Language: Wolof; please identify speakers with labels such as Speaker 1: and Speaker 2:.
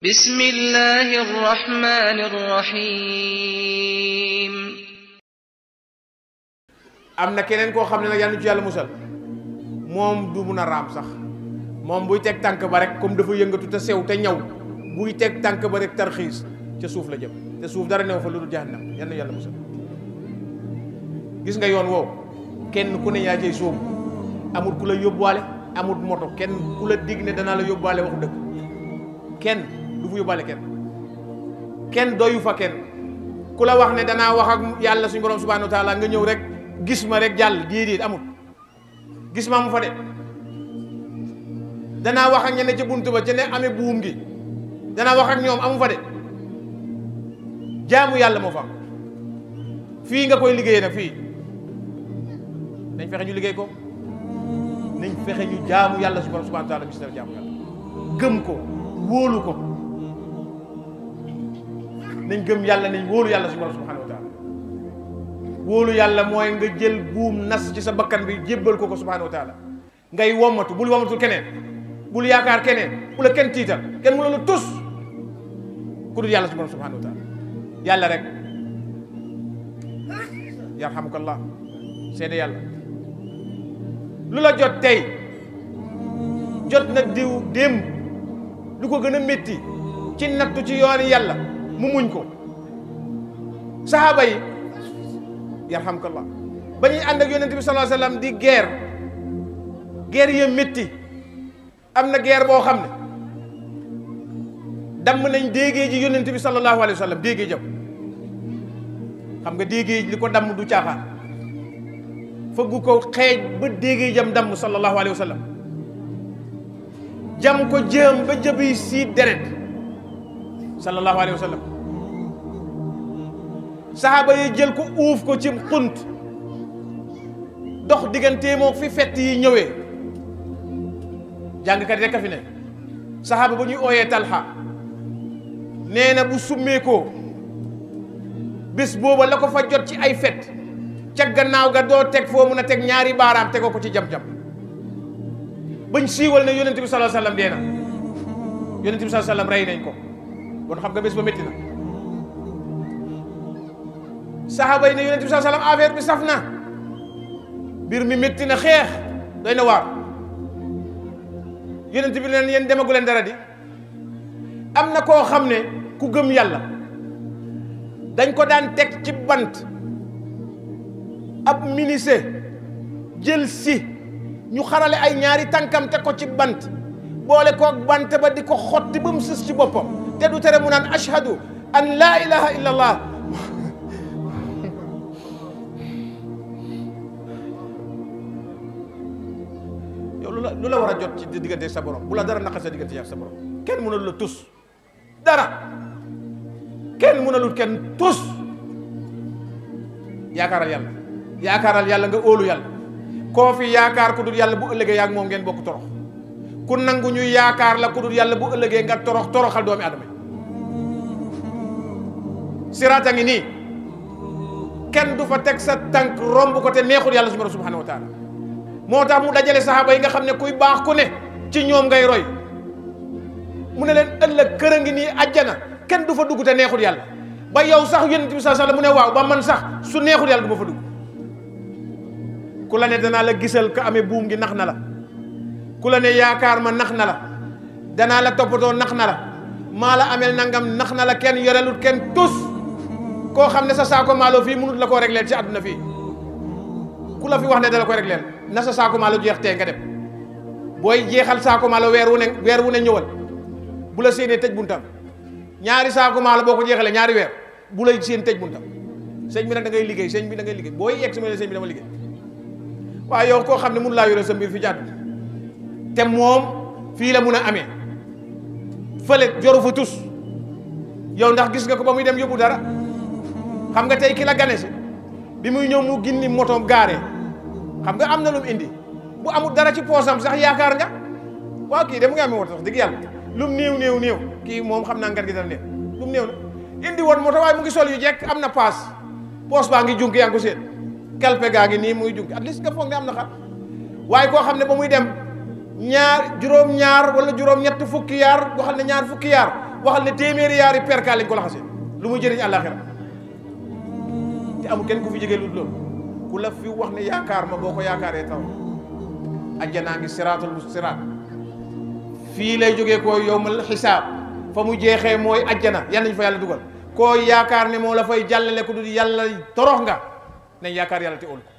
Speaker 1: بسم الله الرحمن الرحيم am na keneen koo xam ne nag yal na ci yàlla musal moom du mun a raam sax moom buy teg tànk ba rek comme dafa yëngatu te sew te ñaw buy teg tànk ba rek tarxiis ca suuf la jëm te suuf dara new fa lu dul jahannam yal yàlla musal gis nga yoon woow kenn ku ne yaa cay sóobu amul ku la yóbbuwaale amul moto kenn ku la dig ne danaa la yóbbuwaale wax dëgg kenn bu yóbbaale kenn kenn doyu fa kenn ku la wax ne danaa wax yàlla suñu borom subhanahu wa taala nga ñëw rek gis ma rek jàll déedéet amul gis ma mu fa de danaa wax ak ñeneen ca buntu ba ca ne amee buum gi danaa wax ñoom amu fa de jaamu yàlla moo fa am fii nga koy liggéeyee nag fii dañ fexe ñu liggéey ko nañ fexe ñu jaamu yàlla suñu borom subhanahu wa taala gëm ko wóolu ko nañ gëm yàlla nañ wóolu yàlla suñu borom subhanahu wóolu yàlla mooy nga jël buum nas ci sa bakkan bi jébbal ko ko subhanahu wa ngay wommatu bul wommatul keneen bul yaakaar keneen bu la kenn tiital kenn mu la tus ku dul yàlla suñu borom subhanahu wa taala yàlla rek yarhamukallah seede yàlla lu la jot tey jot na diw démb lu ko gën a métti ci nattu ci yoon yàlla mu muñ ko saxaaba yi yarhamkallah ba ñuy ànd ak yonent bi sallallahu alayhi wasallam di guerre guerre ya metti am na guerre boo xam ne damm nañ déggee ji yonent bi sallallahu alayhi wasallam déggee jam xam nga déggee li ko damm du caaxaan fëggu ko xeej ba déggee jam damm sallallahu alayhi wasallam jam ko jëm ba jëbi si deret sallallahu alayhi wa saxaaba yi jël ko uuf ko ci xunt dox diggante moo fi fett yi ñëwee jàngkat yi rek a fi ne saxaaba ba ñuy ooyee talxa nee na bu summeekoo bés boobu la ko fa jot ci ay fett ca gannaaw ga doo teg foo mun a teg ñaari baaraam tegoo ko ci jam-jam bañ siiwal ne yonent bi sallallahu dee na yonent bi sallallahu alayhi wa sallam rey nañ ko bon xam nga bés ba métti na saxaaba yi ne yonent bi saa salaam affaire bi saf na mbir mi metti na xeex doy na waar yonent bi leen yéen demagu leen dara di am na koo xam ne ku gëm yàlla dañ ko daan teg ci bant ab ministre jël si ñu xarale ay ñaari tànkam teg ko ci bant boole kook bant ba di ko xotti ba mu sës ci boppam te du tere mu naan ashhadu an laa ilaha illa yow lu la lu la war a jot ci diggante sa borom bu la dara naqar sa diggante yaa sa borom kenn mënul la tus dara kenn mënalul kenn tus yaakaaral yàlla yaakaaral yàlla nga óolu yàlla koo fi yaakaar ku dul yàlla bu ëllëgee yaa ak moom ngeen bokk torox ku nangu ñuy yaakaar la ku dul yàlla bu ëllëgee nga torox toroxal doomi adama siraata ngi nii kenn du fa teg sa tànk romb ko te neexul yàlla suñu borom subhanahu wa moo tax mu dajale saxaaba yi nga xam ne kuy baax ku ne ci ñoom ngay roy mu ne leen ëllëg kër a ngi nii àjjana kenn du fa dugg te neexul yàlla ba yow sax yonent bi sallallahu alayhi wasallam mu ne waaw ba man sax su neexul yàlla du fa dugg ku la ne danaa la gisal ka amee buum gi nax na la ku la ne yaakaar ma nax na la danaa la toppatoo nax na la maa la amee nangam nax na la kenn yorelut kenn ko xamne sa sako malo fi munut la koo régleel ci aduna fi ku la fi wax ne dala ko regler na sa sako malo jeex te nga dem boy jeexal sako malo weer wu ne weer wu ne ñëwal bu la seené tëj buntam ñaari sako malo boko jeexale ñaari weer bu lay seen tëj buntam sëñ bi nak da ngay liggey sëñ bi da ngay liggey boy yex si ma sëñ bi dama liggey wa yow ko xamne ne la yoro sa mbir fi jatt te mom fi la mun amé fële joru fa tus yow ndax gis nga ko bamuy dem yóbbu dara xam nga tey ki la gane si bi muy ñëw mu gindi motoom gaare xam nga am na lu indi bu amul dara ci poosam sax yaakaar nga waaw kii de mu ngi amee moto sax dëgg yàlla lu mu néew néew kii moom xam naa ngar gi dana néew lu mu néew na indi woon moto waaye mu ngi sol yu jekk am na paas poos baa ngi junk yaa ngi ko gaa ngi nii muy junk at least nga ne am na xar waaye koo xam ne ba muy dem ñaar juróom-ñaar wala juróom-ñett fukki yaar waxal ne ñaar fukki yaar waxal ne téeméeri yaari perkaal lañ ko laxasee lu muy jëriñ àllaaxira amul kenn ku fi jege lut loolu ku la fi wax ne yaakaar ma boo ko yaakaaree taw ajjanaa ngi siraatul siraat fii lay jógee koo yowmal xisaab fa mu jeexee mooy ajjana yal nañu fa yàlla dugal koo yaakaar ne moo la fay jàllale ku dul yàlla torox nga nañ yaakaar yàlla te óolu